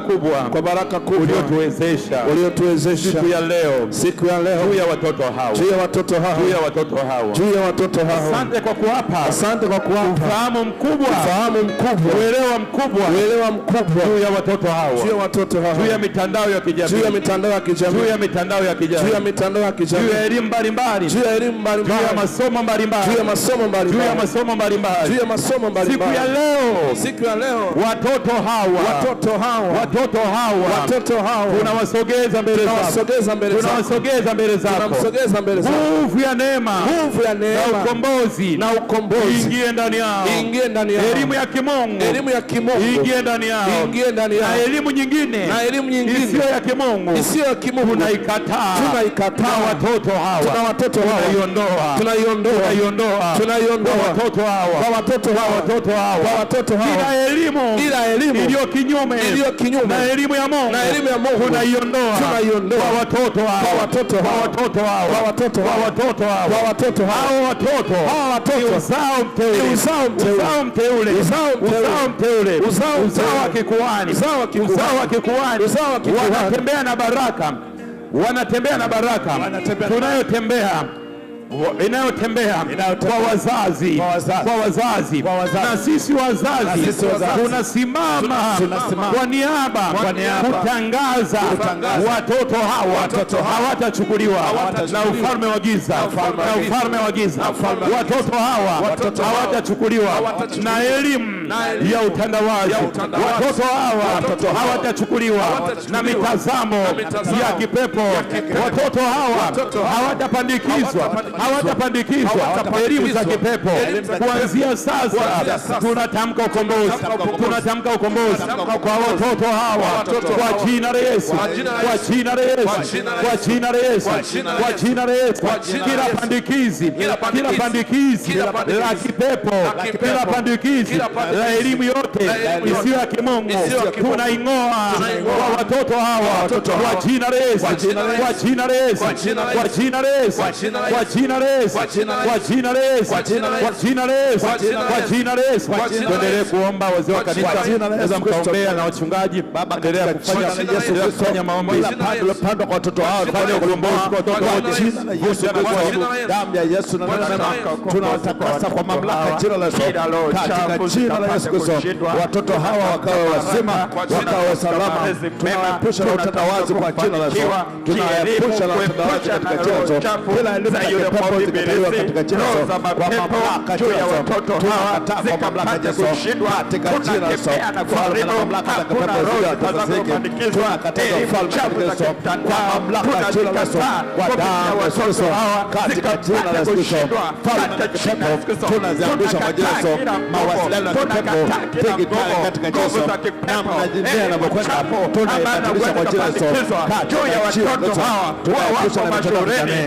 kubwa kwa baraka kubwa uliotuwezesha uliotuwezesha siku ya leo siku ya leo juu ya watoto hao juu ya watoto hao juu ya watoto hao juu ya watoto hao Asante kwa kuwapa asante kwa kuwapa ufahamu mkubwa ufahamu mkubwa uelewa mkubwa uelewa mkubwa juu ya watoto hao juu ya watoto hao juu ya mitandao ya kijamii juu ya mitandao ya kijamii juu ya mitandao ya kijamii juu ya mitandao ya kijamii juu ya elimu mbalimbali juu ya elimu mbalimbali juu ya masomo mbalimbali juu ya masomo mbalimbali juu ya masomo mbalimbali juu ya masomo mbalimbali siku ya leo siku ya leo watoto hawa watoto hawa watoto hawa watoto hawa tunawasogeza mbele zako tunawasogeza mbele zako nguvu ya neema nguvu ya neema na ukombozi na ukombozi ingie ndani yao ingie ndani yao elimu ya kimungu elimu ya kimungu ingie ndani yao ingie ndani yao na elimu nyingine na elimu nyingine isiyo ya kimungu ya kimungu tunaikataa tunaikataa watoto hawa tuna watoto hawa tunaiondoa tunaiondoa tunaiondoa tunaiondoa watoto hawa kwa watoto hawa watoto hawa kwa watoto hawa bila elimu bila elimu iliyo kinyume iliyo kinyume nyuma na elimu ya Mungu na elimu ya Mungu tunaiondoa tunaiondoa kwa watoto wao, kwa watoto hao watoto wao, kwa watoto hao watoto wao, kwa watoto hao watoto hao watoto uzao mteule uzao mteule uzao mteule uzao mteule uzao mteule, uzao uzao wa kikuhani, uzao wa kikuhani uzao wa kikuhani uzao wa kikuhani wanatembea na baraka wanatembea na baraka tunayotembea inayotembea kwa wazazi kwa wazazi na sisi wazazi tunasimama kwa niaba kutangaza watoto hawa hawatachukuliwa na ufalme wa giza na ufalme wa giza, watoto hawa hawatachukuliwa na elimu ya utandawazi, watoto hawa hawatachukuliwa na mitazamo ya kipepo, watoto hawa hawatapandikizwa hawatapandikizwa elimu za kipepo. Kuanzia sasa tunatamka ukombozi, tunatamka ukombozi kwa watoto hawa kwa jina la Yesu, kwa jina la Yesu, kwa jina la Yesu, kwa jina la Yesu. Kila pandikizi, kila pandikizi la kipepo, kila pandikizi la elimu yote isiyo ya kimungu tunaing'oa kwa watoto hawa kwa jina la Yesu, kwa jina la Yesu, kwa jina la Yesu, kwa jina jina la Yesu, kwa jina la Yesu, kwa jina la Yesu, kwa jina la Yesu. Tuendelee kuomba wazee wa kanisa, naweza mkaombea na wachungaji, Baba, endelea kufanya maombi pandwa kwa watoto hao usu damu ya Yesu na tunawatakasa kwa mamlaka jina la Yesu, katika jina la Yesu Kristo, watoto hawa wakawa wazima, wakawa salama. Tunawaepusha na utandawazi kwa jina la Yesu, tunawaepusha na utandawazi katika jina la Yesu, kila elimu atakapo zikataliwa katika jina la Yesu, kwa mamlaka ya watoto hawa zikapate kushindwa katika jina la Yesu. Falme na mamlaka zitakapozuia watoto zake, tunakataza falme katika Yesu, kwa mamlaka juu ya Yesu, kwa damu ya Yesu, katika jina la Yesu. Falme na kipepo tunaziangusha kwa jina la Yesu, mawasiliano ya kipepo digitali katika jina la Yesu, namna jinsi yanavyokwenda tunaibadilisha kwa jina la Yesu, katika jina la Yesu. Tunaangusha na mtoto mtamee,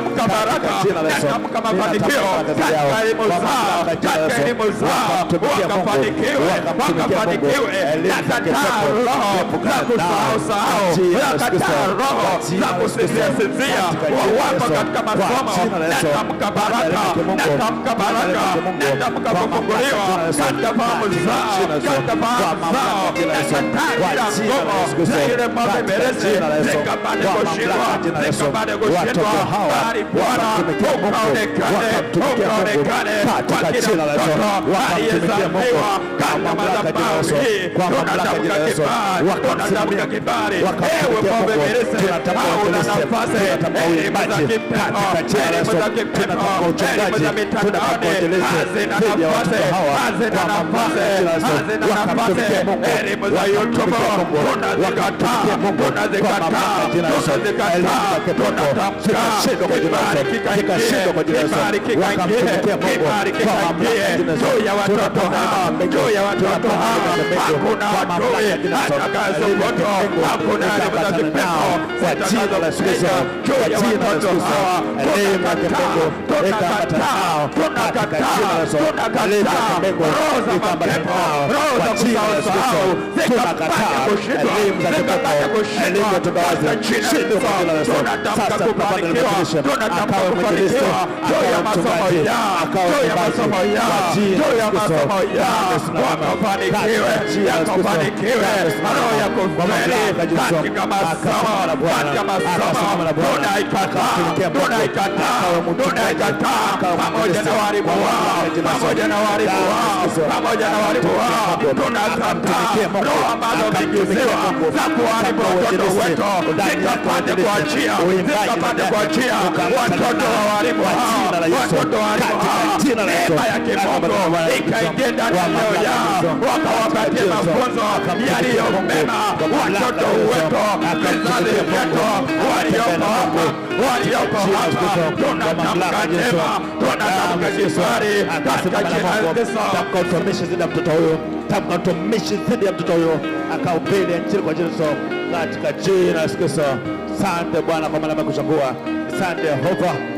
natamka baraka, natamka mafanikio katika elimu zao, katika elimu zao wakafanikiwe, wakafanikiwe. Nakataa roho za kusahau sahau, nakataa roho za kusinzia sinzia, wawapa katika masomo. Natamka baraka, natamka baraka, natamka kufunguliwa katika fahamu zao, katika fahamu zao. Nakataa nguvu za ile mabeberezi zikapate kushindwa, zikapate kushindwa mahali Bwana, ukaonekane ukaonekane kwa kila mtoto aliyezaliwa katika madhabahu hii. Tunatamka kibali, tunatamka kibali, ewe Baba Mwenyezi, au na nafasi elimu za kipepo, elimu za kipepo, elimu za mitandaoni hazina nafasi, hazina nafasi, hazina nafasi. Elimu za YouTube tunazikataa, tunazikataa, tunazikataa, tunatamka kikashindwa kwa jina la Yesu, wakamtumikia Mungu kwa mamlaka ya jina la Yesu. Tunatoa hawa mbegu, tunatoa hawa mbegu kwa mamlaka ya jina la Yesu, itakatane nao kwa jina la Yesu Kristo, kwa jina la Yesu Kristo, lima mbegu, ikakatane nao katika jina la Yesu, lima mbegu, ikakatane nao kwa jina la Yesu Kristo, tunakataa elimu za kipepo, elimu ya utandawazi, shinde kwa jina la Yesu. Sasa tunapanda na kutumisha Mungu nataka kufanikiwa, roho ya masomo ya roho ya masomo ya roho ya masomo ya wakafanikiwe, yakafanikiwe roho ya kufeli katika masomo, katika masomo tunaikataa, tunaikataa, tunaikataa pamoja na walimu wao, pamoja na walimu wao, pamoja na walimu wao, tunakataa roho ambazo zimeingiziwa za kuharibu watoto wetu, zikapate kuachia, zikapate kuachia watoto wa walimu hawa, watoto wa walimu hao, neema ya kimungu ikaingie ndani ya mioyo yao, mafunzo yaliyo mema, watoto wetu, vizazi vyetu waliopo hapa, waliopo hapa, tunatamka tunatamka kiswari katika jina la Yesu. ya mtoto huyo, tamka ya mtoto huyo, kwa Yesu, katika jina la Yesu Asante Bwana kwa maana Sunday. Over.